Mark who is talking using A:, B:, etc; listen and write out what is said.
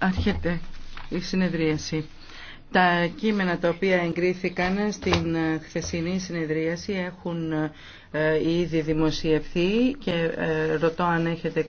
A: Άρχεται η συνεδρίαση. Τα κείμενα τα οποία εγκρίθηκαν στην ε, χθεσινή συνεδρίαση έχουν ε, ήδη δημοσιευθεί και ε, ρωτώ αν έχετε